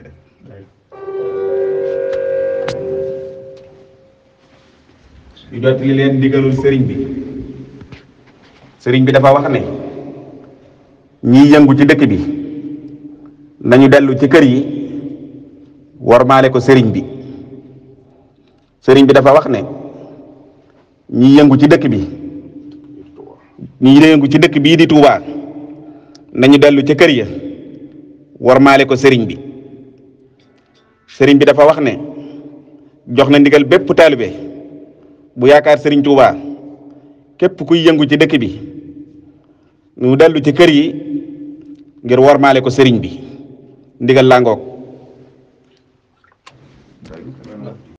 lay def leen digalul sëriñ bi sëriñ bi dafa wax ne ñiy yëngu ci dëkk bi nañu dellu ci kër yi warmaale ko sëriñ bi sëriñ bi dafa wax ne ñiy yëngu ci dëkk bi ñiy yëngu ci dëkk bii di Touba nañu dellu ci kër ya warmaale ko sëriñ bi sëriñ bi dafa wax ne jox na ndigal bépp taalibe bu yaakaar sëriñ Touba képp kuy yëngu ci dëkk bi nu dellu ci kër yi ngir wormaale ko sëriñ bi ndigal laa ngoog